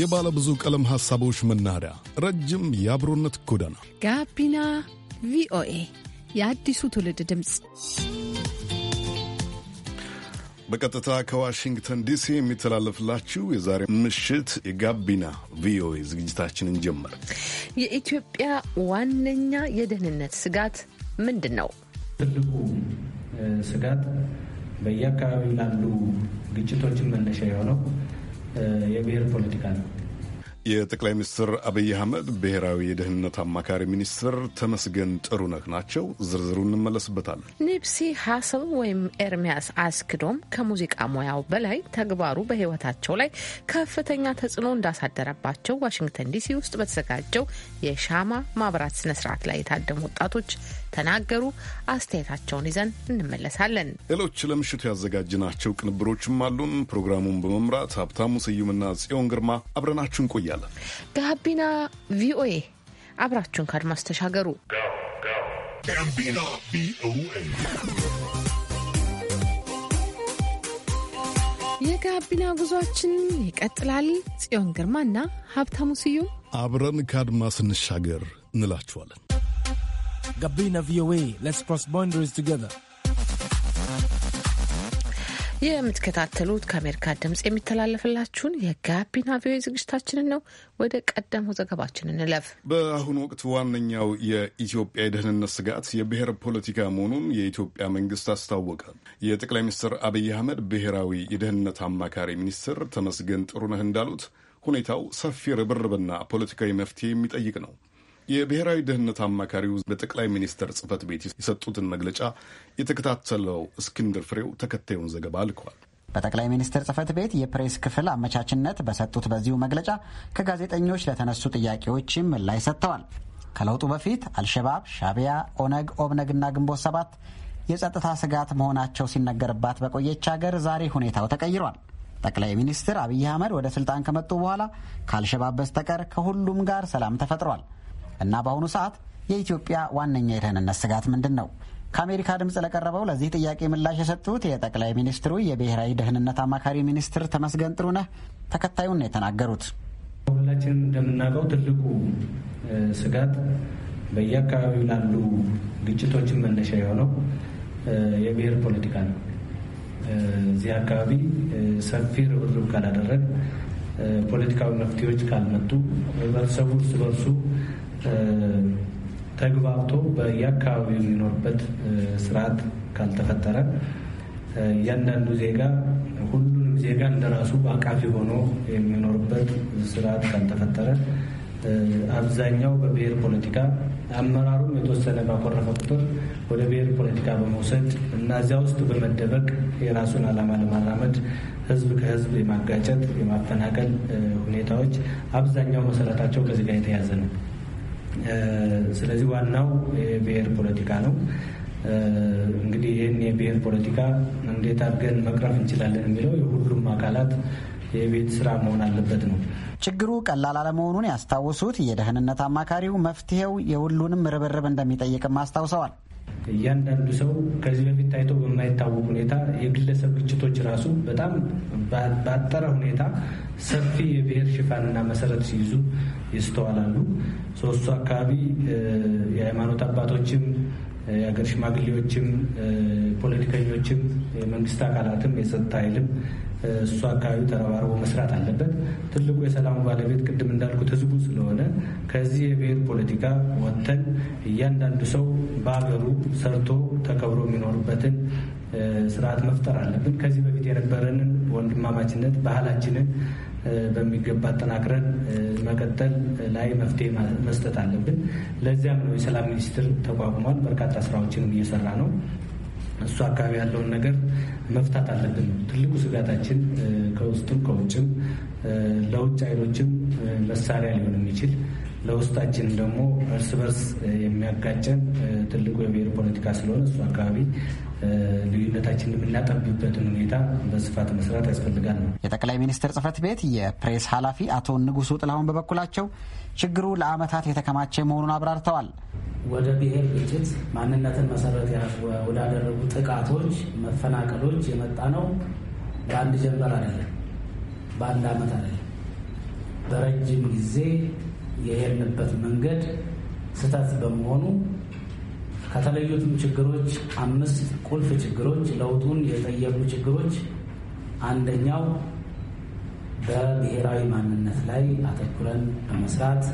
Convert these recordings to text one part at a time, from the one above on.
የባለ ብዙ ቀለም ሐሳቦች መናኸሪያ፣ ረጅም የአብሮነት ጎዳና ጋቢና ቪኦኤ የአዲሱ ትውልድ ድምፅ በቀጥታ ከዋሽንግተን ዲሲ የሚተላለፍላችሁ የዛሬ ምሽት የጋቢና ቪኦኤ ዝግጅታችንን ጀመር። የኢትዮጵያ ዋነኛ የደህንነት ስጋት ምንድን ነው? ትልቁ ስጋት በየአካባቢው ላሉ ግጭቶችን መነሻ የሆነው የብሔር ፖለቲካ ነው። የጠቅላይ ሚኒስትር አብይ አህመድ ብሔራዊ የደህንነት አማካሪ ሚኒስትር ተመስገን ጥሩነህ ናቸው። ዝርዝሩ እንመለስበታለን። ኒፕሲ ሀስል ወይም ኤርሚያስ አስክዶም ከሙዚቃ ሙያው በላይ ተግባሩ በሕይወታቸው ላይ ከፍተኛ ተጽዕኖ እንዳሳደረባቸው ዋሽንግተን ዲሲ ውስጥ በተዘጋጀው የሻማ ማብራት ስነስርዓት ላይ የታደሙ ወጣቶች ተናገሩ። አስተያየታቸውን ይዘን እንመለሳለን። ሌሎች ለምሽቱ ያዘጋጅናቸው ቅንብሮችም አሉን። ፕሮግራሙን በመምራት ሀብታሙ ስዩምና ጽዮን ግርማ አብረናችሁ እንቆያለን። እንቆያለን። ጋቢና ቪኦኤ አብራችሁን ከአድማስ ተሻገሩ። የጋቢና ጉዟችን ይቀጥላል። ጽዮን ግርማና ሀብታሙ ስዩም አብረን ከአድማስ እንሻገር እንላችኋለን። ጋቢና ቪኦኤ ሌትስ ክሮስ ባውንደሪስ ቱጌዘር የምትከታተሉት ከአሜሪካ ድምጽ የሚተላለፍላችሁን የጋቢና ቪኦኤ ዝግጅታችንን ነው። ወደ ቀደመው ዘገባችን እንለፍ። በአሁኑ ወቅት ዋነኛው የኢትዮጵያ የደህንነት ስጋት የብሔር ፖለቲካ መሆኑን የኢትዮጵያ መንግስት አስታወቀ። የጠቅላይ ሚኒስትር አብይ አህመድ ብሔራዊ የደህንነት አማካሪ ሚኒስትር ተመስገን ጥሩነህ እንዳሉት ሁኔታው ሰፊ ርብርብና ፖለቲካዊ መፍትሄ የሚጠይቅ ነው። የብሔራዊ ደህንነት አማካሪው ለጠቅላይ ሚኒስትር ጽህፈት ቤት የሰጡትን መግለጫ የተከታተለው እስክንድር ፍሬው ተከታዩን ዘገባ ልከዋል። በጠቅላይ ሚኒስትር ጽህፈት ቤት የፕሬስ ክፍል አመቻችነት በሰጡት በዚሁ መግለጫ ከጋዜጠኞች ለተነሱ ጥያቄዎችም ምላሽ ሰጥተዋል። ከለውጡ በፊት አልሸባብ፣ ሻቢያ፣ ኦነግ፣ ኦብነግና ግንቦት ሰባት የጸጥታ ስጋት መሆናቸው ሲነገርባት በቆየች ሀገር ዛሬ ሁኔታው ተቀይሯል። ጠቅላይ ሚኒስትር አብይ አህመድ ወደ ስልጣን ከመጡ በኋላ ከአልሸባብ በስተቀር ከሁሉም ጋር ሰላም ተፈጥሯል። እና በአሁኑ ሰዓት የኢትዮጵያ ዋነኛ የደህንነት ስጋት ምንድን ነው? ከአሜሪካ ድምፅ ለቀረበው ለዚህ ጥያቄ ምላሽ የሰጡት የጠቅላይ ሚኒስትሩ የብሔራዊ ደህንነት አማካሪ ሚኒስትር ተመስገን ጥሩነህ ተከታዩን ነው የተናገሩት። ሁላችን እንደምናውቀው ትልቁ ስጋት በየአካባቢው ላሉ ግጭቶችን መነሻ የሆነው የብሔር ፖለቲካ ነው። እዚህ አካባቢ ሰፊ ርብርብ ካላደረግ ፖለቲካዊ መፍትሄዎች ካልመጡ ህብረተሰቡ እርስ በርሱ ተግባብቶ በየአካባቢው የሚኖርበት ስርዓት ካልተፈጠረ እያንዳንዱ ዜጋ ሁሉንም ዜጋ እንደራሱ አቃፊ ሆኖ የሚኖርበት ስርዓት ካልተፈጠረ አብዛኛው በብሔር ፖለቲካ አመራሩም የተወሰነ ባኮረፈ ቁጥር ወደ ብሔር ፖለቲካ በመውሰድ እና እዚያ ውስጥ በመደበቅ የራሱን ዓላማ ለማራመድ ህዝብ ከህዝብ የማጋጨት የማፈናቀል ሁኔታዎች አብዛኛው መሰረታቸው ከዚህ ጋር የተያዘ ነው። ስለዚህ ዋናው የብሔር ፖለቲካ ነው። እንግዲህ ይህን የብሔር ፖለቲካ እንዴት አድርገን መቅረፍ እንችላለን የሚለው የሁሉም አካላት የቤት ስራ መሆን አለበት ነው። ችግሩ ቀላል አለመሆኑን ያስታውሱት የደህንነት አማካሪው መፍትሄው የሁሉንም ርብርብ እንደሚጠይቅም አስታውሰዋል። እያንዳንዱ ሰው ከዚህ በፊት ታይቶ በማይታወቅ ሁኔታ የግለሰብ ግጭቶች ራሱ በጣም ባጠረ ሁኔታ ሰፊ የብሔር ሽፋንና መሰረት ሲይዙ ይስተዋላሉ። ሶስቱ አካባቢ የሃይማኖት አባቶችም የሀገር ሽማግሌዎችም፣ ፖለቲከኞችም፣ የመንግስት አካላትም፣ የጸጥታ ኃይልም እሱ አካባቢ ተረባርቦ መስራት አለበት። ትልቁ የሰላሙ ባለቤት ቅድም እንዳልኩት ህዝቡ ስለሆነ ከዚህ የብሔር ፖለቲካ ወጥተን እያንዳንዱ ሰው በሀገሩ ሰርቶ ተከብሮ የሚኖርበትን ስርዓት መፍጠር አለብን። ከዚህ በፊት የነበረንን ወንድማማችነት ባህላችንን በሚገባ አጠናክረን መቀጠል ላይ መፍትሄ መስጠት አለብን። ለዚያም ነው የሰላም ሚኒስቴር ተቋቁሟል። በርካታ ስራዎችንም እየሰራ ነው። እሱ አካባቢ ያለውን ነገር መፍታት አለብን። ትልቁ ስጋታችን ከውስጥም ከውጭም ለውጭ ኃይሎችም መሳሪያ ሊሆን የሚችል ለውስጣችንም ደግሞ እርስ በርስ የሚያጋጨን ትልቁ የብሔር ፖለቲካ ስለሆነ እሱ አካባቢ ልዩነታችንን የምናጠብበትን ሁኔታ በስፋት መስራት ያስፈልጋል ነው። የጠቅላይ ሚኒስትር ጽህፈት ቤት የፕሬስ ኃላፊ አቶ ንጉሱ ጥላሁን በበኩላቸው ችግሩ ለአመታት የተከማቸ መሆኑን አብራርተዋል። ወደ ብሔር ግጭት፣ ማንነትን መሰረት ወዳደረጉ ጥቃቶች፣ መፈናቀሎች የመጣ ነው። በአንድ ጀንበር አይደለም፣ በአንድ አመት አይደለም፣ በረጅም ጊዜ የሄድንበት መንገድ ስህተት በመሆኑ ከተለዩትም ችግሮች አምስት ቁልፍ ችግሮች ለውጡን የጠየቁ ችግሮች አንደኛው በብሔራዊ ማንነት ላይ አተኩረን በመስራት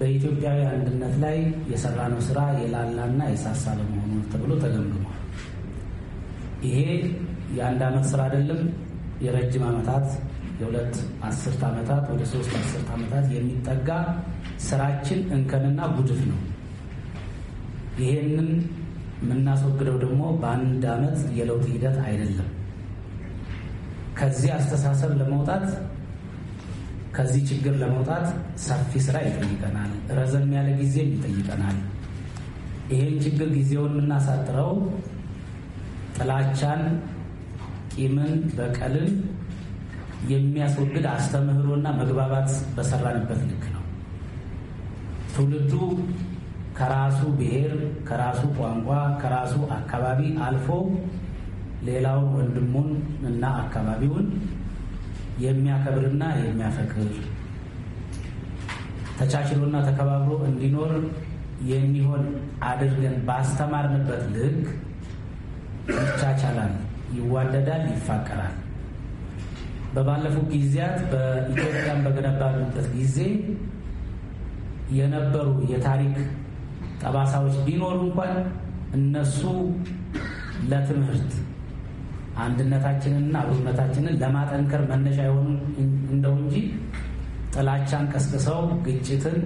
በኢትዮጵያዊ አንድነት ላይ የሰራነው ስራ የላላና የሳሳ ለመሆኑ ተብሎ ተገምግሟል። ይሄ የአንድ ዓመት ስራ አይደለም፣ የረጅም ዓመታት የሁለት አስርት ዓመታት ወደ ሶስት አስርት ዓመታት የሚጠጋ ስራችን እንከንና ጉድፍ ነው። ይሄንን የምናስወግደው ደግሞ በአንድ ዓመት የለውጥ ሂደት አይደለም። ከዚህ አስተሳሰብ ለመውጣት ከዚህ ችግር ለመውጣት ሰፊ ስራ ይጠይቀናል። ረዘም ያለ ጊዜም ይጠይቀናል። ይህን ችግር ጊዜውን የምናሳጥረው ጥላቻን፣ ቂምን፣ በቀልን የሚያስወግድ አስተምህሮና መግባባት በሰራንበት ልክ ነው። ትውልዱ ከራሱ ብሔር፣ ከራሱ ቋንቋ፣ ከራሱ አካባቢ አልፎ ሌላውን ወንድሙን እና አካባቢውን የሚያከብርና የሚያፈቅር ተቻችሎና ተከባብሮ እንዲኖር የሚሆን አድርገን ባስተማርንበት ልክ ይቻቻላል፣ ይዋደዳል፣ ይፋቀራል። በባለፉት ጊዜያት በኢትዮጵያን በገነባንበት ጊዜ የነበሩ የታሪክ ጠባሳዎች ቢኖሩ እንኳን እነሱ ለትምህርት አንድነታችንንና አብሮነታችንን ለማጠንከር መነሻ የሆኑ እንደው እንጂ ጥላቻን ቀስቅሰው ግጭትን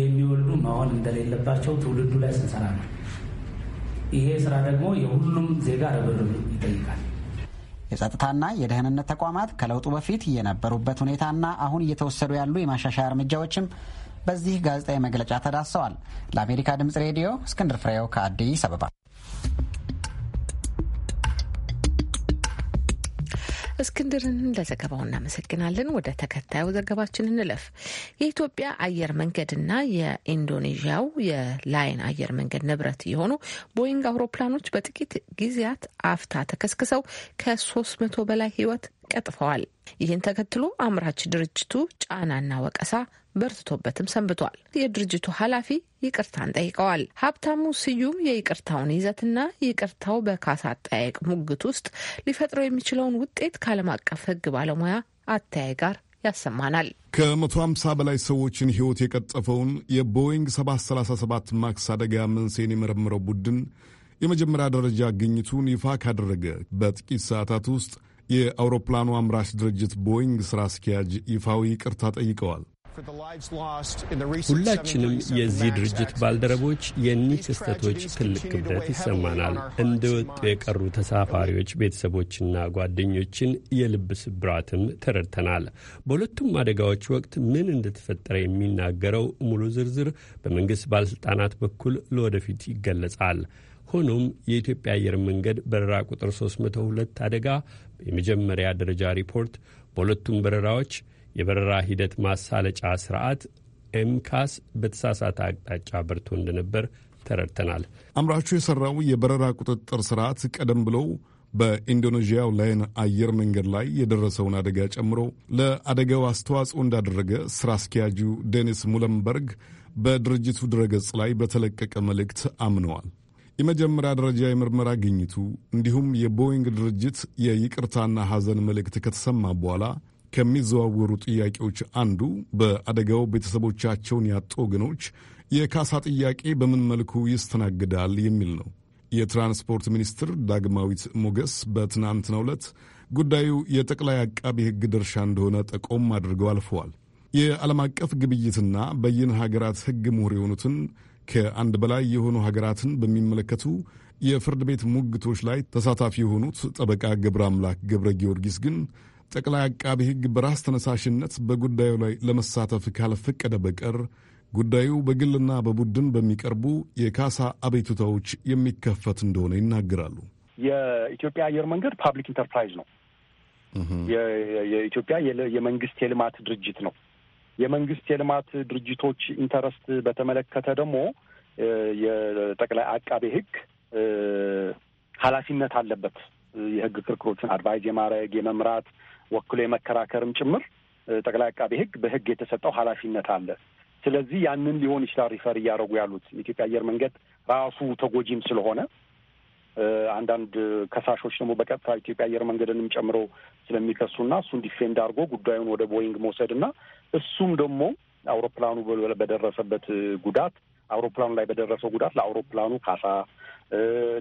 የሚወልዱ መሆን እንደሌለባቸው ትውልዱ ላይ ስንሰራ ነው። ይሄ ስራ ደግሞ የሁሉም ዜጋ ርብርብ ይጠይቃል። የጸጥታና የደህንነት ተቋማት ከለውጡ በፊት የነበሩበት ሁኔታና አሁን እየተወሰዱ ያሉ የማሻሻያ እርምጃዎችም በዚህ ጋዜጣዊ መግለጫ ተዳሰዋል። ለአሜሪካ ድምጽ ሬዲዮ እስክንድር ፍሬው ከአዲስ አበባ እስክንድርን ለዘገባው እናመሰግናለን። ወደ ተከታዩ ዘገባችን እንለፍ። የኢትዮጵያ አየር መንገድና የኢንዶኔዥያው የላይን አየር መንገድ ንብረት የሆኑ ቦይንግ አውሮፕላኖች በጥቂት ጊዜያት አፍታ ተከስክሰው ከሶስት መቶ በላይ ህይወት ቀጥፈዋል። ይህን ተከትሎ አምራች ድርጅቱ ጫናና ወቀሳ በርትቶበትም ሰንብቷል። የድርጅቱ ኃላፊ ይቅርታን ጠይቀዋል። ሀብታሙ ስዩም የይቅርታውን ይዘትና ይቅርታው በካሳ አጠያየቅ ሙግት ውስጥ ሊፈጥረው የሚችለውን ውጤት ከዓለም አቀፍ ሕግ ባለሙያ አተያይ ጋር ያሰማናል ከመቶ ከ150 በላይ ሰዎችን ሕይወት የቀጠፈውን የቦይንግ 737 ማክስ አደጋ መንስኤን የመረመረው ቡድን የመጀመሪያ ደረጃ ግኝቱን ይፋ ካደረገ በጥቂት ሰዓታት ውስጥ የአውሮፕላኑ አምራች ድርጅት ቦይንግ ስራ አስኪያጅ ይፋዊ ይቅርታ ጠይቀዋል። ሁላችንም የዚህ ድርጅት ባልደረቦች የእኒህ ክስተቶች ትልቅ ክብደት ይሰማናል። እንደ ወጡ የቀሩ ተሳፋሪዎች ቤተሰቦችና ጓደኞችን የልብ ስብራትም ተረድተናል። በሁለቱም አደጋዎች ወቅት ምን እንደተፈጠረ የሚናገረው ሙሉ ዝርዝር በመንግሥት ባለሥልጣናት በኩል ለወደፊት ይገለጻል። ሆኖም የኢትዮጵያ አየር መንገድ በረራ ቁጥር 302 አደጋ የመጀመሪያ ደረጃ ሪፖርት በሁለቱም በረራዎች የበረራ ሂደት ማሳለጫ ስርዓት ኤምካስ በተሳሳተ አቅጣጫ በርቶ እንደነበር ተረድተናል። አምራቹ የሠራው የበረራ ቁጥጥር ስርዓት ቀደም ብለው በኢንዶኔዥያው ላይን አየር መንገድ ላይ የደረሰውን አደጋ ጨምሮ ለአደጋው አስተዋጽኦ እንዳደረገ ስራ አስኪያጁ ዴኒስ ሙለንበርግ በድርጅቱ ድረገጽ ላይ በተለቀቀ መልእክት አምነዋል። የመጀመሪያ ደረጃ የምርመራ ግኝቱ እንዲሁም የቦይንግ ድርጅት የይቅርታና ሐዘን መልእክት ከተሰማ በኋላ ከሚዘዋወሩ ጥያቄዎች አንዱ በአደጋው ቤተሰቦቻቸውን ያጡ ወገኖች የካሳ ጥያቄ በምን መልኩ ይስተናግዳል የሚል ነው። የትራንስፖርት ሚኒስትር ዳግማዊት ሞገስ በትናንትናው ዕለት ጉዳዩ የጠቅላይ አቃቢ ሕግ ድርሻ እንደሆነ ጠቆም አድርገው አልፈዋል። የዓለም አቀፍ ግብይትና በይነ ሀገራት ሕግ ምሁር የሆኑትን ከአንድ በላይ የሆኑ ሀገራትን በሚመለከቱ የፍርድ ቤት ሙግቶች ላይ ተሳታፊ የሆኑት ጠበቃ ገብረ አምላክ ገብረ ጊዮርጊስ ግን ጠቅላይ አቃቢ ሕግ በራስ ተነሳሽነት በጉዳዩ ላይ ለመሳተፍ ካልፈቀደ በቀር ጉዳዩ በግልና በቡድን በሚቀርቡ የካሳ አቤቱታዎች የሚከፈት እንደሆነ ይናገራሉ። የኢትዮጵያ አየር መንገድ ፓብሊክ ኢንተርፕራይዝ ነው። የኢትዮጵያ የመንግስት የልማት ድርጅት ነው። የመንግስት የልማት ድርጅቶች ኢንተረስት በተመለከተ ደግሞ የጠቅላይ አቃቤ ህግ ኃላፊነት አለበት። የህግ ክርክሮችን አድቫይዝ የማድረግ የመምራት ወክሎ የመከራከርም ጭምር ጠቅላይ አቃቤ ሕግ በሕግ የተሰጠው ኃላፊነት አለ። ስለዚህ ያንን ሊሆን ይችላል ሪፈር እያደረጉ ያሉት የኢትዮጵያ አየር መንገድ ራሱ ተጎጂም ስለሆነ አንዳንድ ከሳሾች ደግሞ በቀጥታ ኢትዮጵያ አየር መንገድንም ጨምሮ ስለሚከሱና እሱን ዲፌንድ አድርጎ ጉዳዩን ወደ ቦይንግ መውሰድና እሱም ደግሞ አውሮፕላኑ በደረሰበት ጉዳት አውሮፕላኑ ላይ በደረሰው ጉዳት ለአውሮፕላኑ ካሳ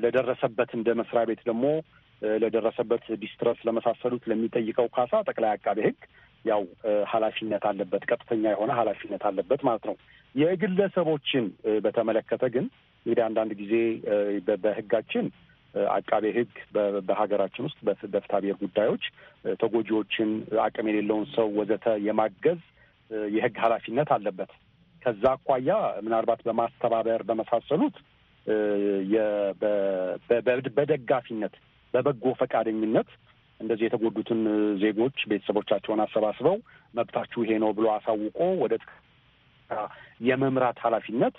ለደረሰበት እንደ መስሪያ ቤት ደግሞ ለደረሰበት ዲስትረስ ለመሳሰሉት ለሚጠይቀው ካሳ ጠቅላይ አቃቤ ሕግ ያው ኃላፊነት አለበት፣ ቀጥተኛ የሆነ ኃላፊነት አለበት ማለት ነው። የግለሰቦችን በተመለከተ ግን እንግዲህ አንዳንድ ጊዜ በሕጋችን አቃቤ ሕግ በሀገራችን ውስጥ በፍትሐ ብሔር ጉዳዮች ተጎጂዎችን፣ አቅም የሌለውን ሰው ወዘተ የማገዝ የሕግ ኃላፊነት አለበት። ከዛ አኳያ ምናልባት በማስተባበር በመሳሰሉት በደጋፊነት በበጎ ፈቃደኝነት እንደዚህ የተጎዱትን ዜጎች ቤተሰቦቻቸውን አሰባስበው መብታችሁ ይሄ ነው ብሎ አሳውቆ ወደ የመምራት ኃላፊነት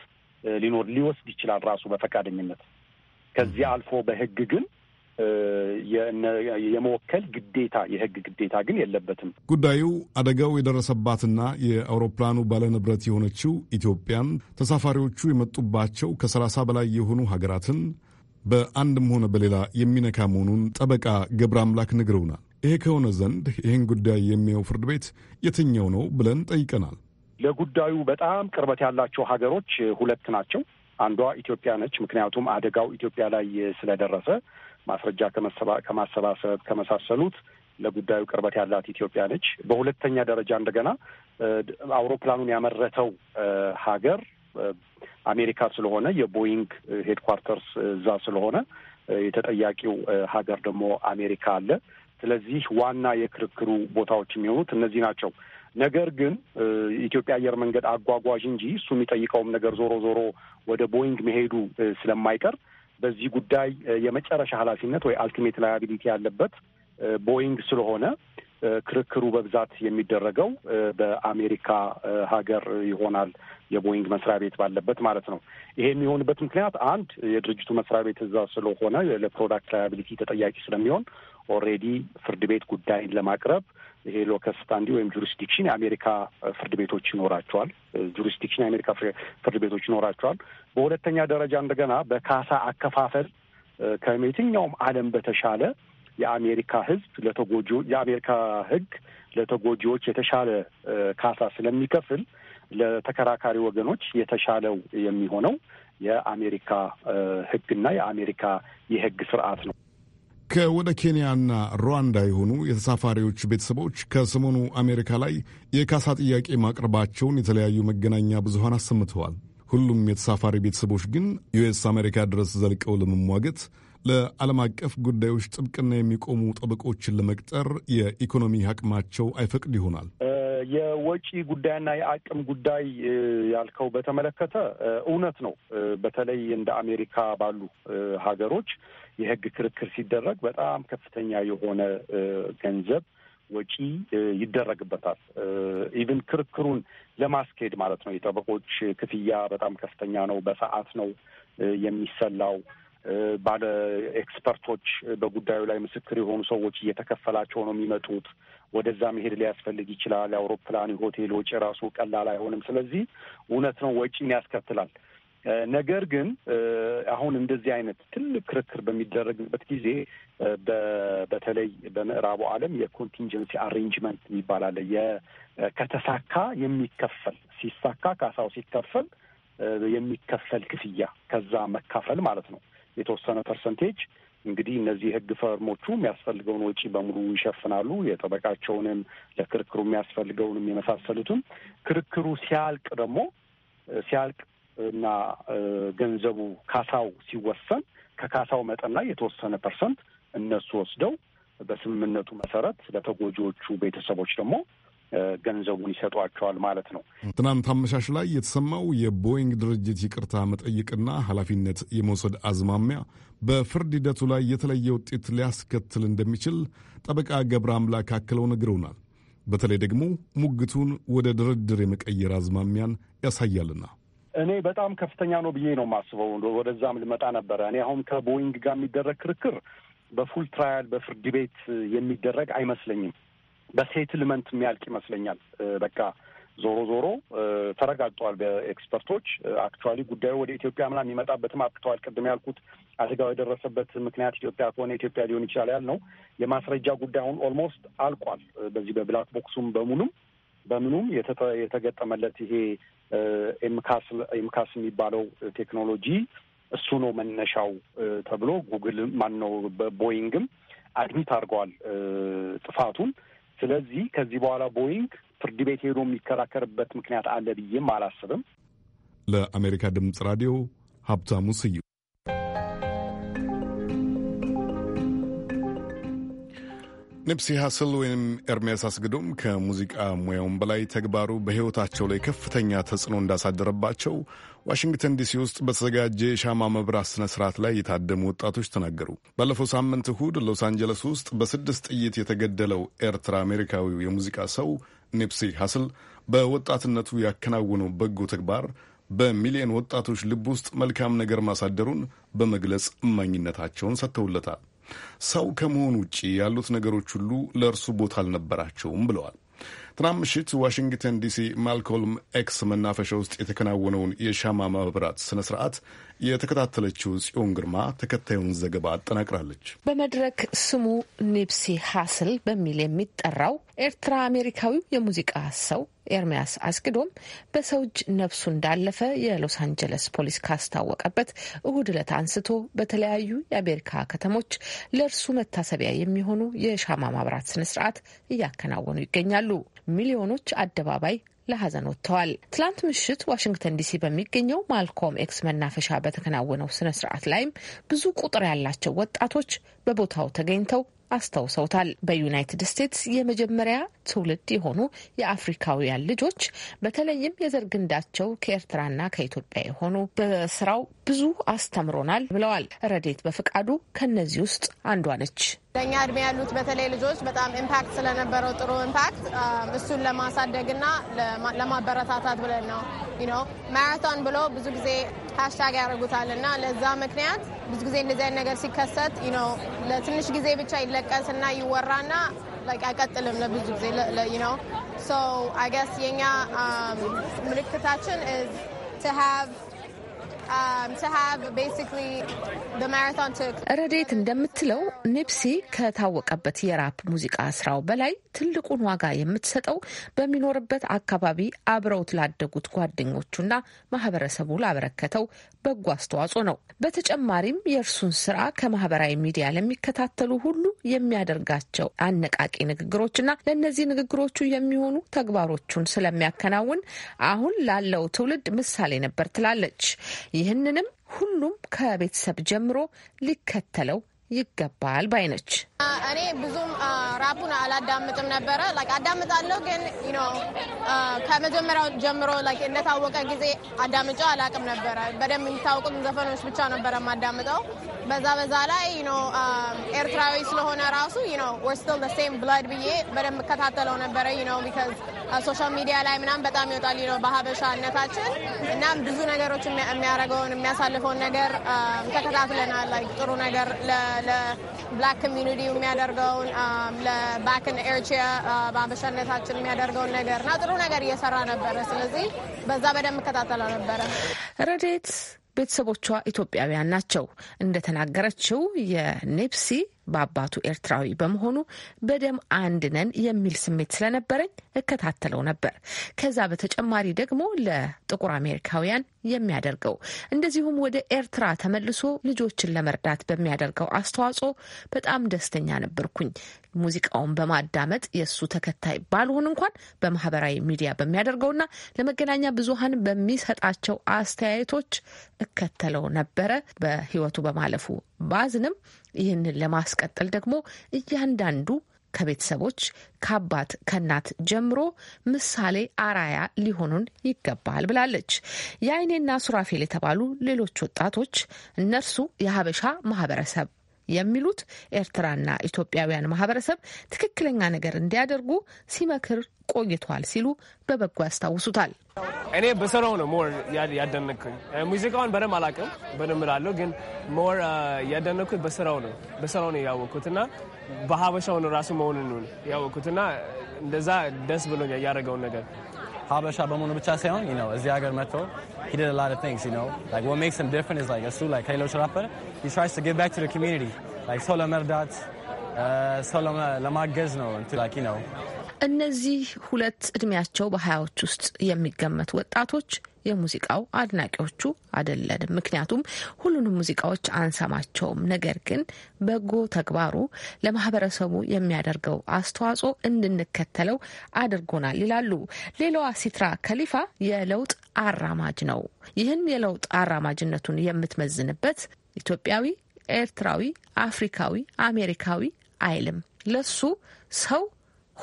ሊኖር ሊወስድ ይችላል ራሱ በፈቃደኝነት። ከዚያ አልፎ በህግ ግን የመወከል ግዴታ የህግ ግዴታ ግን የለበትም። ጉዳዩ አደጋው የደረሰባትና የአውሮፕላኑ ባለንብረት የሆነችው ኢትዮጵያን ተሳፋሪዎቹ የመጡባቸው ከሰላሳ በላይ የሆኑ ሀገራትን በአንድም ሆነ በሌላ የሚነካ መሆኑን ጠበቃ ገብረ አምላክ ነግረውናል። ይሄ ከሆነ ዘንድ ይህን ጉዳይ የሚያየው ፍርድ ቤት የትኛው ነው ብለን ጠይቀናል። ለጉዳዩ በጣም ቅርበት ያላቸው ሀገሮች ሁለት ናቸው። አንዷ ኢትዮጵያ ነች። ምክንያቱም አደጋው ኢትዮጵያ ላይ ስለደረሰ ማስረጃ ከማሰባሰብ ከመሳሰሉት ለጉዳዩ ቅርበት ያላት ኢትዮጵያ ነች። በሁለተኛ ደረጃ እንደገና አውሮፕላኑን ያመረተው ሀገር አሜሪካ ስለሆነ የቦይንግ ሄድኳርተርስ እዛ ስለሆነ የተጠያቂው ሀገር ደግሞ አሜሪካ አለ። ስለዚህ ዋና የክርክሩ ቦታዎች የሚሆኑት እነዚህ ናቸው። ነገር ግን ኢትዮጵያ አየር መንገድ አጓጓዥ እንጂ እሱ የሚጠይቀውም ነገር ዞሮ ዞሮ ወደ ቦይንግ መሄዱ ስለማይቀር በዚህ ጉዳይ የመጨረሻ ኃላፊነት ወይ አልቲሜት ላያቢሊቲ ያለበት ቦይንግ ስለሆነ ክርክሩ በብዛት የሚደረገው በአሜሪካ ሀገር ይሆናል። የቦይንግ መስሪያ ቤት ባለበት ማለት ነው። ይሄ የሚሆንበት ምክንያት አንድ የድርጅቱ መስሪያ ቤት እዛ ስለሆነ ለፕሮዳክት ላያቢሊቲ ተጠያቂ ስለሚሆን ኦልሬዲ ፍርድ ቤት ጉዳይን ለማቅረብ ይሄ ሎከስታንዲ ወይም ጁሪስዲክሽን የአሜሪካ ፍርድ ቤቶች ይኖራቸዋል። ጁሪስዲክሽን የአሜሪካ ፍርድ ቤቶች ይኖራቸዋል። በሁለተኛ ደረጃ እንደገና በካሳ አከፋፈል ከየትኛውም ዓለም በተሻለ የአሜሪካ ህዝብ ለተጎጆ የአሜሪካ ህግ ለተጎጂዎች የተሻለ ካሳ ስለሚከፍል ለተከራካሪ ወገኖች የተሻለው የሚሆነው የአሜሪካ ህግና የአሜሪካ የህግ ስርዓት ነው። ከወደ ኬንያና ሩዋንዳ የሆኑ የተሳፋሪዎች ቤተሰቦች ከሰሞኑ አሜሪካ ላይ የካሳ ጥያቄ ማቅረባቸውን የተለያዩ መገናኛ ብዙሀን አሰምተዋል። ሁሉም የተሳፋሪ ቤተሰቦች ግን ዩኤስ አሜሪካ ድረስ ዘልቀው ለመሟገት ለዓለም አቀፍ ጉዳዮች ጥብቅና የሚቆሙ ጠበቆችን ለመቅጠር የኢኮኖሚ አቅማቸው አይፈቅድ ይሆናል። የወጪ ጉዳይና የአቅም ጉዳይ ያልከው በተመለከተ እውነት ነው። በተለይ እንደ አሜሪካ ባሉ ሀገሮች የህግ ክርክር ሲደረግ በጣም ከፍተኛ የሆነ ገንዘብ ወጪ ይደረግበታል። ኢቭን ክርክሩን ለማስኬድ ማለት ነው። የጠበቆች ክፍያ በጣም ከፍተኛ ነው። በሰዓት ነው የሚሰላው። ባለ ኤክስፐርቶች በጉዳዩ ላይ ምስክር የሆኑ ሰዎች እየተከፈላቸው ነው የሚመጡት። ወደዛ መሄድ ሊያስፈልግ ይችላል። የአውሮፕላን ሆቴል ወጪ ራሱ ቀላል አይሆንም። ስለዚህ እውነት ነው ወጪን ያስከትላል። ነገር ግን አሁን እንደዚህ አይነት ትልቅ ክርክር በሚደረግበት ጊዜ በተለይ በምዕራቡ ዓለም የኮንቲንጀንሲ አሬንጅመንት የሚባል አለ። ከተሳካ የሚከፈል ሲሳካ ካሳው ሲከፈል የሚከፈል ክፍያ ከዛ መካፈል ማለት ነው። የተወሰነ ፐርሰንቴጅ እንግዲህ እነዚህ የህግ ፈርሞቹ የሚያስፈልገውን ወጪ በሙሉ ይሸፍናሉ። የጠበቃቸውንም ለክርክሩ የሚያስፈልገውንም የመሳሰሉትም። ክርክሩ ሲያልቅ ደግሞ ሲያልቅ እና ገንዘቡ ካሳው ሲወሰን ከካሳው መጠን ላይ የተወሰነ ፐርሰንት እነሱ ወስደው በስምምነቱ መሰረት ለተጎጂዎቹ ቤተሰቦች ደግሞ ገንዘቡን ይሰጧቸዋል ማለት ነው። ትናንት አመሻሽ ላይ የተሰማው የቦይንግ ድርጅት ይቅርታ መጠየቅና ኃላፊነት የመውሰድ አዝማሚያ በፍርድ ሂደቱ ላይ የተለየ ውጤት ሊያስከትል እንደሚችል ጠበቃ ገብረ አምላክ አክለው ነግረውናል። በተለይ ደግሞ ሙግቱን ወደ ድርድር የመቀየር አዝማሚያን ያሳያልና እኔ በጣም ከፍተኛ ነው ብዬ ነው የማስበው። ወደዛም ልመጣ ነበረ። እኔ አሁን ከቦይንግ ጋር የሚደረግ ክርክር በፉል ትራያል በፍርድ ቤት የሚደረግ አይመስለኝም። በሴትልመንት የሚያልቅ ይመስለኛል። በቃ ዞሮ ዞሮ ተረጋግጧል በኤክስፐርቶች አክቹዋሊ ጉዳዩ ወደ ኢትዮጵያ ምናምን የሚመጣበትም አብቅተዋል። ቅድም ያልኩት አደጋው የደረሰበት ምክንያት ኢትዮጵያ ከሆነ ኢትዮጵያ ሊሆን ይችላል ያልነው የማስረጃ ጉዳይ አሁን ኦልሞስት አልቋል። በዚህ በብላክ ቦክሱም በሙሉም በምኑም የተገጠመለት ይሄ ኤምካስ የሚባለው ቴክኖሎጂ እሱ ነው መነሻው ተብሎ ጉግል ማን ነው ቦይንግም አድሚት አድርገዋል ጥፋቱን። ስለዚህ ከዚህ በኋላ ቦይንግ ፍርድ ቤት ሄዶ የሚከራከርበት ምክንያት አለ ብዬም አላስብም። ለአሜሪካ ድምፅ ራዲዮ ሀብታሙ ስዩ ንፕሲ ሀስል ወይም ኤርሚያስ አስግዶም ከሙዚቃ ሙያውን በላይ ተግባሩ በሕይወታቸው ላይ ከፍተኛ ተጽዕኖ እንዳሳደረባቸው ዋሽንግተን ዲሲ ውስጥ በተዘጋጀ የሻማ መብራት ስነ ስርዓት ላይ የታደሙ ወጣቶች ተናገሩ። ባለፈው ሳምንት እሁድ ሎስ አንጀለስ ውስጥ በስድስት ጥይት የተገደለው ኤርትራ አሜሪካዊው የሙዚቃ ሰው ኒፕሲ ሀስል በወጣትነቱ ያከናውኑ በጎ ተግባር በሚሊዮን ወጣቶች ልብ ውስጥ መልካም ነገር ማሳደሩን በመግለጽ እማኝነታቸውን ሰጥተውለታል። ሰው ከመሆን ውጭ ያሉት ነገሮች ሁሉ ለእርሱ ቦታ አልነበራቸውም ብለዋል። ትናንት ምሽት ዋሽንግተን ዲሲ ማልኮልም ኤክስ መናፈሻ ውስጥ የተከናወነውን የሻማ ማብራት ስነ ስርዓት የተከታተለችው ጽዮን ግርማ ተከታዩን ዘገባ አጠናቅራለች። በመድረክ ስሙ ኒፕሲ ሀስል በሚል የሚጠራው ኤርትራ አሜሪካዊው የሙዚቃ ሰው ኤርሚያስ አስግዶም በሰው እጅ ነፍሱ እንዳለፈ የሎስ አንጀለስ ፖሊስ ካስታወቀበት እሁድ ዕለት አንስቶ በተለያዩ የአሜሪካ ከተሞች ለእርሱ መታሰቢያ የሚሆኑ የሻማ ማብራት ስነስርዓት እያከናወኑ ይገኛሉ። ሚሊዮኖች አደባባይ ለሀዘን ወጥተዋል። ትላንት ምሽት ዋሽንግተን ዲሲ በሚገኘው ማልኮም ኤክስ መናፈሻ በተከናወነው ስነ ስርዓት ላይም ብዙ ቁጥር ያላቸው ወጣቶች በቦታው ተገኝተው አስታውሰውታል። በዩናይትድ ስቴትስ የመጀመሪያ ትውልድ የሆኑ የአፍሪካውያን ልጆች በተለይም የዘር ግንዳቸው ከኤርትራና ከኢትዮጵያ የሆኑ በስራው ብዙ አስተምሮናል ብለዋል። ረዴት በፍቃዱ ከነዚህ ውስጥ አንዷ ነች። ለእኛ እድሜ ያሉት በተለይ ልጆች በጣም ኢምፓክት ስለነበረው ጥሩ ኢምፓክት እሱን ለማሳደግና ለማበረታታት ብለን ነው። ማራቶን ብሎ ብዙ ጊዜ ሃሽታግ ያደርጉታል እና ለዛ ምክንያት ብዙ ጊዜ እንደዚህ አይነት ነገር ሲከሰት ለትንሽ ጊዜ ብቻ ይለቀስና ይወራና አይቀጥልም ለብዙ ጊዜ ነው። ሶ አይ ገስ የኛ um, ምልክታችን Um, ረዴት እንደምትለው ኒፕሲ ከታወቀበት የራፕ ሙዚቃ ስራው በላይ ትልቁን ዋጋ የምትሰጠው በሚኖርበት አካባቢ አብረውት ላደጉት ጓደኞቹና ማህበረሰቡ ላበረከተው በጎ አስተዋጽኦ ነው። በተጨማሪም የእርሱን ስራ ከማህበራዊ ሚዲያ ለሚከታተሉ ሁሉ የሚያደርጋቸው አነቃቂ ንግግሮችና ለእነዚህ ንግግሮቹ የሚሆኑ ተግባሮቹን ስለሚያከናውን አሁን ላለው ትውልድ ምሳሌ ነበር ትላለች። ይህንንም ሁሉም ከቤተሰብ ጀምሮ ሊከተለው ይገባል ባይ ነች። እኔ ብዙም ራፑን አላዳምጥም ነበረ። አዳምጣለሁ ግን ከመጀመሪያው ጀምሮ እንደታወቀ ጊዜ አዳምጫው አላውቅም ነበረ። በደንብ የሚታወቁት ዘፈኖች ብቻ ነበረ አዳምጠው። በዛ በዛ ላይ um, ኤርትራዊ ስለሆነ ራሱ ነው ወር ስቲል ዘ ሴም ብለድ ብዬ በደንብ እከታተለው ነበረ ቢካዝ ሶሻል ሚዲያ ላይ ምናምን በጣም ይወጣል በሀበሻነታችን እና ብዙ ነገሮች የሚያደርገውን የሚያሳልፈውን ነገር um, ተከታትለናል። ጥሩ ነገር ለብላክ ኮሚኒቲ የሚያደርገውን um, ለባክን ኤርትራ uh, በሀበሻነታችን የሚያደርገውን ነገር እና ጥሩ ነገር እየሰራ ነበረ። ስለዚህ በዛ በደንብ እከታተለው ነበረ ረዴት ቤተሰቦቿ ኢትዮጵያውያን ናቸው። እንደተናገረችው የኔፕሲ በአባቱ ኤርትራዊ በመሆኑ በደም አንድ ነን የሚል ስሜት ስለነበረኝ እከታተለው ነበር። ከዛ በተጨማሪ ደግሞ ለጥቁር አሜሪካውያን የሚያደርገው እንደዚሁም ወደ ኤርትራ ተመልሶ ልጆችን ለመርዳት በሚያደርገው አስተዋጽኦ በጣም ደስተኛ ነበርኩኝ። ሙዚቃውን በማዳመጥ የእሱ ተከታይ ባልሆን እንኳን በማህበራዊ ሚዲያ በሚያደርገውና ለመገናኛ ብዙሃን በሚሰጣቸው አስተያየቶች እከተለው ነበረ። በህይወቱ በማለፉ ባዝንም ይህንን ለማስቀጠል ደግሞ እያንዳንዱ ከቤተሰቦች ከአባት ከእናት ጀምሮ ምሳሌ አራያ ሊሆኑን ይገባል ብላለች። የአይኔና ሱራፌል የተባሉ ሌሎች ወጣቶች እነርሱ የሀበሻ ማህበረሰብ የሚሉት ኤርትራና ኢትዮጵያውያን ማህበረሰብ ትክክለኛ ነገር እንዲያደርጉ ሲመክር ቆይቷል ሲሉ በበጎ ያስታውሱታል። እኔ በስራው ነው ሞር ያደነኩኝ። ሙዚቃውን በደንብ አላውቅም፣ በደንብ ላለሁ ግን ሞር ያደነኩት በሰራው ነው። በሰራው ነው ያወቅኩትና በሀበሻውን ራሱ መሆኑን ያወቅኩትና እንደዛ ደስ ብሎኛል ያደረገውን ነገር ሀበሻ በመሆኑ ብቻ ሳይሆን እዚህ ሀገር መጥቶ እሱ ከሌሎች ራፐር ሰው ለመርዳት ሰው ለማገዝ ነው። እነዚህ ሁለት እድሜያቸው በሀያዎች ውስጥ የሚገመት ወጣቶች የሙዚቃው አድናቂዎቹ አይደለንም። ምክንያቱም ሁሉንም ሙዚቃዎች አንሰማቸውም። ነገር ግን በጎ ተግባሩ ለማህበረሰቡ የሚያደርገው አስተዋጽኦ እንድንከተለው አድርጎናል ይላሉ። ሌላዋ ሲትራ ከሊፋ የለውጥ አራማጅ ነው። ይህን የለውጥ አራማጅነቱን የምትመዝንበት ኢትዮጵያዊ፣ ኤርትራዊ፣ አፍሪካዊ፣ አሜሪካዊ አይልም። ለሱ ሰው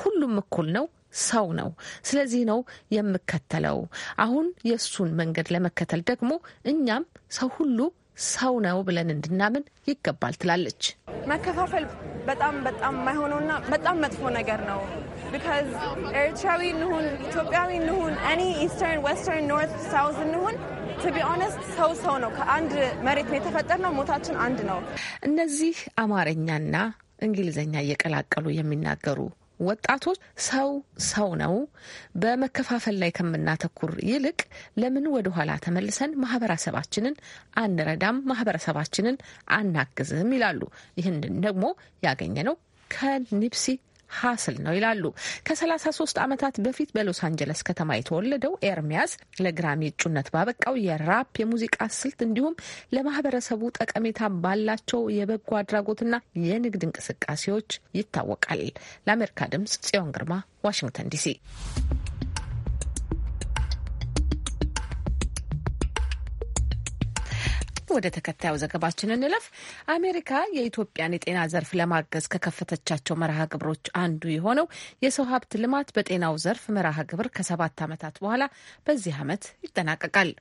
ሁሉም እኩል ነው ሰው ነው። ስለዚህ ነው የምከተለው። አሁን የእሱን መንገድ ለመከተል ደግሞ እኛም ሰው ሁሉ ሰው ነው ብለን እንድናምን ይገባል ትላለች። መከፋፈል በጣም በጣም የማይሆነውና በጣም መጥፎ ነገር ነው። ቢካዝ ኤርትራዊ እንሁን ኢትዮጵያዊ እንሁን ኒ ኢስተርን ዌስተርን ኖርት ሳውዝ እንሁን ቱ ኦነስት ሰው ሰው ነው። ከአንድ መሬት ነው የተፈጠርነው። ሞታችን አንድ ነው። እነዚህ አማርኛና እንግሊዝኛ እየቀላቀሉ የሚናገሩ ወጣቶች ሰው ሰው ነው፣ በመከፋፈል ላይ ከምናተኩር ይልቅ ለምን ወደ ኋላ ተመልሰን ማህበረሰባችንን አንረዳም፣ ማህበረሰባችንን አናግዝም ይላሉ። ይህንን ደግሞ ያገኘ ነው ከኒፕሲ ሀስል ነው ይላሉ። ከ33 ዓመታት በፊት በሎስ አንጀለስ ከተማ የተወለደው ኤርሚያስ ለግራሚ እጩነት ባበቃው የራፕ የሙዚቃ ስልት እንዲሁም ለማህበረሰቡ ጠቀሜታ ባላቸው የበጎ አድራጎትና የንግድ እንቅስቃሴዎች ይታወቃል። ለአሜሪካ ድምጽ ጽዮን ግርማ ዋሽንግተን ዲሲ ወደ ተከታዩ ዘገባችን እንለፍ። አሜሪካ የኢትዮጵያን የጤና ዘርፍ ለማገዝ ከከፈተቻቸው መርሃ ግብሮች አንዱ የሆነው የሰው ሀብት ልማት በጤናው ዘርፍ መርሃ ግብር ከሰባት ዓመታት በኋላ በዚህ ዓመት ይጠናቀቃል።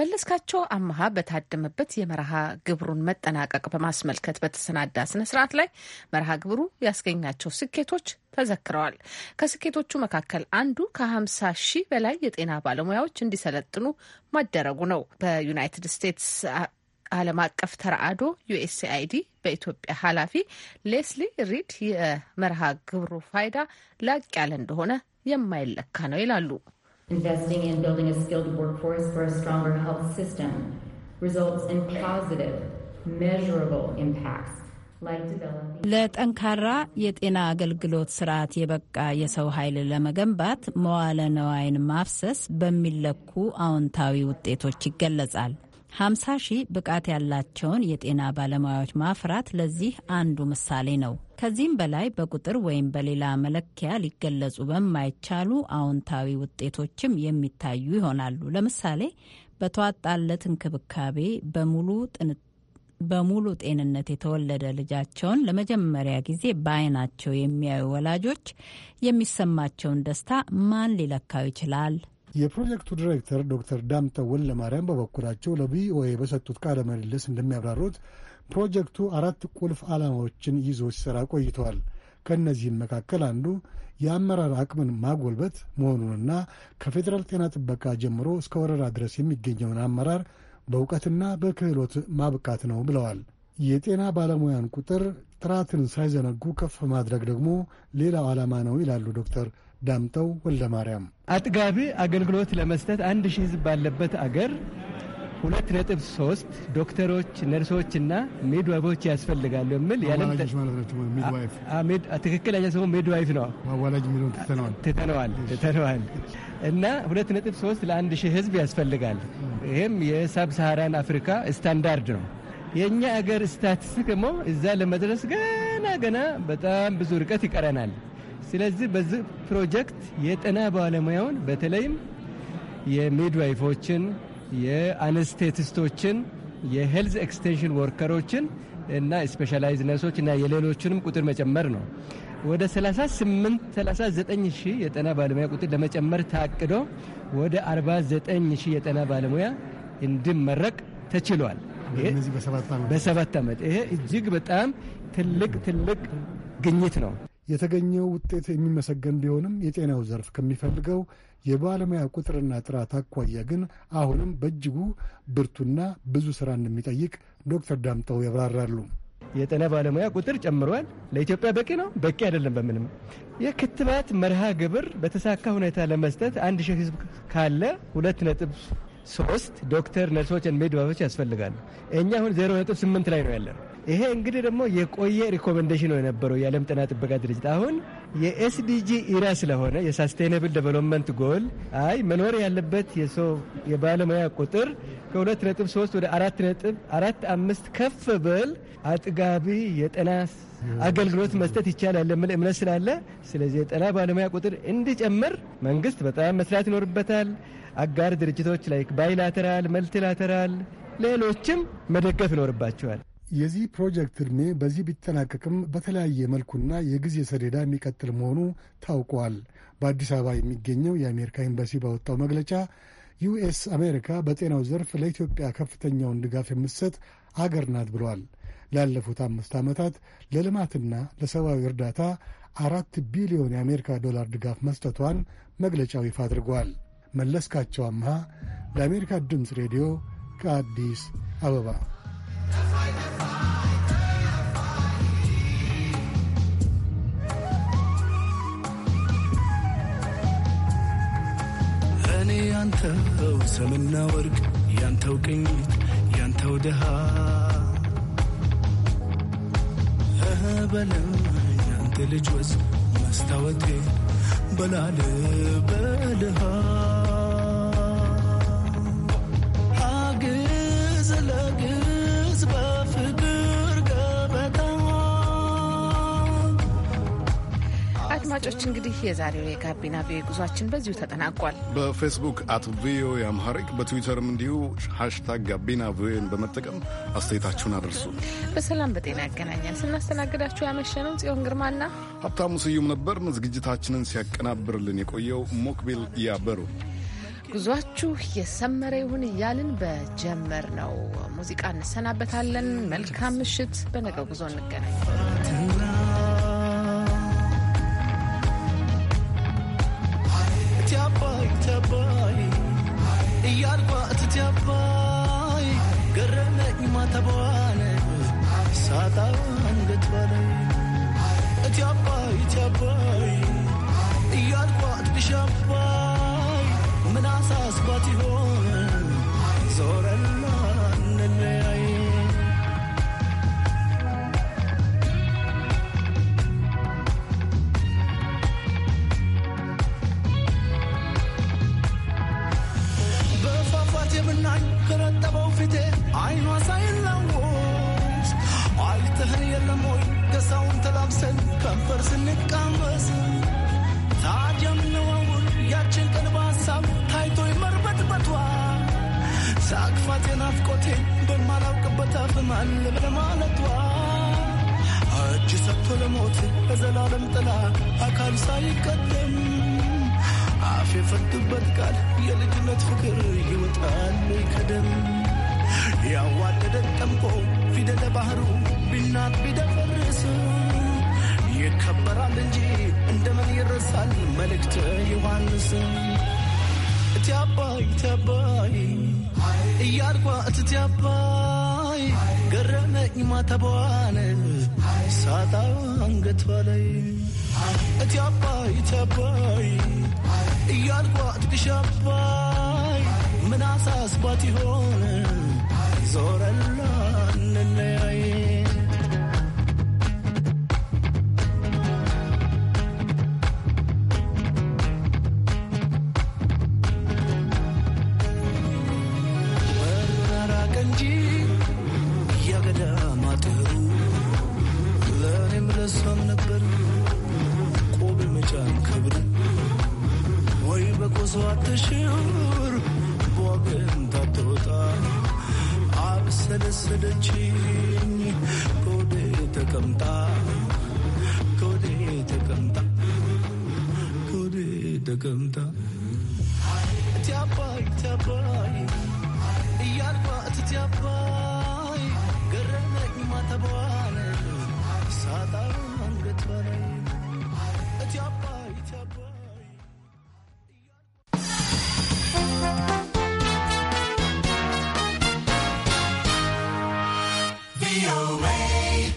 መለስካቸው አመሃ በታደመበት የመርሃ ግብሩን መጠናቀቅ በማስመልከት በተሰናዳ ስነ ስርዓት ላይ መርሃ ግብሩ ያስገኛቸው ስኬቶች ተዘክረዋል። ከስኬቶቹ መካከል አንዱ ከ50 ሺህ በላይ የጤና ባለሙያዎች እንዲሰለጥኑ ማደረጉ ነው። በዩናይትድ ስቴትስ ዓለም አቀፍ ተራድኦ ዩኤስአይዲ በኢትዮጵያ ኃላፊ ሌስሊ ሪድ የመርሃ ግብሩ ፋይዳ ላቅ ያለ እንደሆነ የማይለካ ነው ይላሉ። ለጠንካራ የጤና አገልግሎት ስርዓት የበቃ የሰው ኃይል ለመገንባት መዋለ ነዋይን ማፍሰስ በሚለኩ አዎንታዊ ውጤቶች ይገለጻል። 50 ሺህ ብቃት ያላቸውን የጤና ባለሙያዎች ማፍራት ለዚህ አንዱ ምሳሌ ነው። ከዚህም በላይ በቁጥር ወይም በሌላ መለኪያ ሊገለጹ በማይቻሉ አዎንታዊ ውጤቶችም የሚታዩ ይሆናሉ። ለምሳሌ በተዋጣለት እንክብካቤ በሙሉ በሙሉ ጤንነት የተወለደ ልጃቸውን ለመጀመሪያ ጊዜ በዓይናቸው የሚያዩ ወላጆች የሚሰማቸውን ደስታ ማን ሊለካው ይችላል? የፕሮጀክቱ ዲሬክተር ዶክተር ዳምጠው ማርያም በበኩላቸው ለቪኦኤ በሰጡት ቃለ ምልልስ እንደሚያብራሩት ፕሮጀክቱ አራት ቁልፍ ዓላማዎችን ይዞ ሲሰራ ቆይተዋል። ከእነዚህም መካከል አንዱ የአመራር አቅምን ማጎልበት መሆኑንና ከፌዴራል ጤና ጥበቃ ጀምሮ እስከ ወረዳ ድረስ የሚገኘውን አመራር በእውቀትና በክህሎት ማብቃት ነው ብለዋል። የጤና ባለሙያን ቁጥር ጥራትን ሳይዘነጉ ከፍ ማድረግ ደግሞ ሌላው ዓላማ ነው ይላሉ ዶክተር ዳምጠው ወልደ ማርያም አጥጋቢ አገልግሎት ለመስጠት አንድ ሺህ ህዝብ ባለበት አገር ሁለት ነጥብ ሶስት ዶክተሮች፣ ነርሶችና ሚድዋይፎች ያስፈልጋሉ የሚል ትክክለኛ ሰው ሚድዋይፍ ነው። ትተነዋል ትተነዋል እና ሁለት ነጥብ ሶስት ለአንድ ሺህ ህዝብ ያስፈልጋል። ይህም የሳብ ሰሃራን አፍሪካ ስታንዳርድ ነው። የእኛ አገር ስታትስቲክ ደግሞ እዛ ለመድረስ ገና ገና በጣም ብዙ ርቀት ይቀረናል። ስለዚህ በዚህ ፕሮጀክት የጤና ባለሙያውን በተለይም የሚድዋይፎችን፣ የአነስቴቲስቶችን፣ የሄልዝ ኤክስቴንሽን ወርከሮችን እና ስፔሻላይዝ ነርሶች እና የሌሎችንም ቁጥር መጨመር ነው። ወደ 38 39 ሺህ የጤና ባለሙያ ቁጥር ለመጨመር ታቅዶ ወደ 49 ሺህ የጤና ባለሙያ እንዲመረቅ ተችሏል። በሰባት ዓመት ይሄ እጅግ በጣም ትልቅ ትልቅ ግኝት ነው። የተገኘው ውጤት የሚመሰገን ቢሆንም የጤናው ዘርፍ ከሚፈልገው የባለሙያ ቁጥርና ጥራት አኳያ ግን አሁንም በእጅጉ ብርቱና ብዙ ስራ እንደሚጠይቅ ዶክተር ዳምጠው ያብራራሉ። የጤና ባለሙያ ቁጥር ጨምሯል። ለኢትዮጵያ በቂ ነው? በቂ አይደለም። በምንም የክትባት መርሃ ግብር በተሳካ ሁኔታ ለመስጠት አንድ ሺህ ህዝብ ካለ ሁለት ነጥብ ሶስት ዶክተር ነርሶች፣ ሚድባቦች ያስፈልጋሉ። እኛ አሁን ዜሮ ነጥብ ስምንት ላይ ነው ያለን። ይሄ እንግዲህ ደግሞ የቆየ ሪኮመንዴሽን ነው የነበረው የዓለም ጤና ጥበቃ ድርጅት። አሁን የኤስዲጂ ኢራ ስለሆነ የሳስቴይነብል ዴቨሎፕመንት ጎል አይ መኖር ያለበት የሰው የባለሙያ ቁጥር ከ2.3 ወደ 4.45 ከፍ ብል አጥጋቢ የጤና አገልግሎት መስጠት ይቻላል የሚል እምነት ስላለ፣ ስለዚህ የጤና ባለሙያ ቁጥር እንዲጨምር መንግስት በጣም መስራት ይኖርበታል። አጋር ድርጅቶች ላይ ባይላተራል፣ መልቲላተራል ሌሎችም መደገፍ ይኖርባቸዋል። የዚህ ፕሮጀክት ዕድሜ በዚህ ቢጠናቀቅም በተለያየ መልኩና የጊዜ ሰሌዳ የሚቀጥል መሆኑ ታውቋል። በአዲስ አበባ የሚገኘው የአሜሪካ ኤምባሲ ባወጣው መግለጫ ዩኤስ አሜሪካ በጤናው ዘርፍ ለኢትዮጵያ ከፍተኛውን ድጋፍ የምትሰጥ አገር ናት ብሏል። ላለፉት አምስት ዓመታት ለልማትና ለሰብአዊ እርዳታ አራት ቢሊዮን የአሜሪካ ዶላር ድጋፍ መስጠቷን መግለጫው ይፋ አድርጓል። መለስካቸው አምሃ ለአሜሪካ ድምፅ ሬዲዮ ከአዲስ አበባ እኔ ያንተው ሰምና ወርቅ ያንተው ቅኝት ያንተው ድሃ በለም ያንተ ልጅ ወዝ መስታወቴ በላል በልሃ አድማጮች እንግዲህ የዛሬው የጋቢና ቪኦኤ ጉዟችን በዚሁ ተጠናቋል። በፌስቡክ አት ቪኦኤ አምሃሪክ በትዊተርም እንዲሁ ሃሽታግ ጋቢና ቪኦኤን በመጠቀም አስተያየታችሁን አድርሱ። በሰላም በጤና ያገናኛል። ስናስተናግዳችሁ ያመሸነው ጽዮን ግርማና ሀብታሙ ስዩም ነበር። ዝግጅታችንን ሲያቀናብርልን የቆየው ሞክቢል ያበሩ ጉዟችሁ የሰመረ ይሁን እያልን በጀመር ነው ሙዚቃ እንሰናበታለን። መልካም ምሽት። በነገው ጉዞ እንገናኝ። አባይ እያልኳ እትቴ አባይ ገረመኝ ማተቧን ሳጣ አንገት በላይ እቴ አባይ እቴ አባይ እያልኳ ትንሽ አባይ ምን አሳስባት ይሆን ዞረን ደሳውን ተላብሰን ከንፈር ስንቃመስ ታዲያ ምንዋውል ያችን ቀን በሀሳብ ታይቶ ይመርበትበቷ ሳቅፋት የናፍቆቴን በማላውቅበት አፍማል ብለ ማለቷ እጅ ሰጥቶ ለሞት በዘላለም ጥላ አካል ሳይቀደም አፍ የፈቱበት ቃል የልጅነት ፍቅር ይወጣል ከደም ያዋደደ ጠምቆ ፊደለ ባህሩ ቢናት ቢደፈ ይከበራል እንጂ እንደምን ይረሳል መልእክት ዮሐንስ እትያባይ አባይ እያልኳ እትትያባይ አባይ ገረመኝ ማተቧን ሳጣ አንገት በላይ እትያባይ አባይ እያልኳ ትግሽ አባይ ምን አሳስባት ይሆን ዞረላ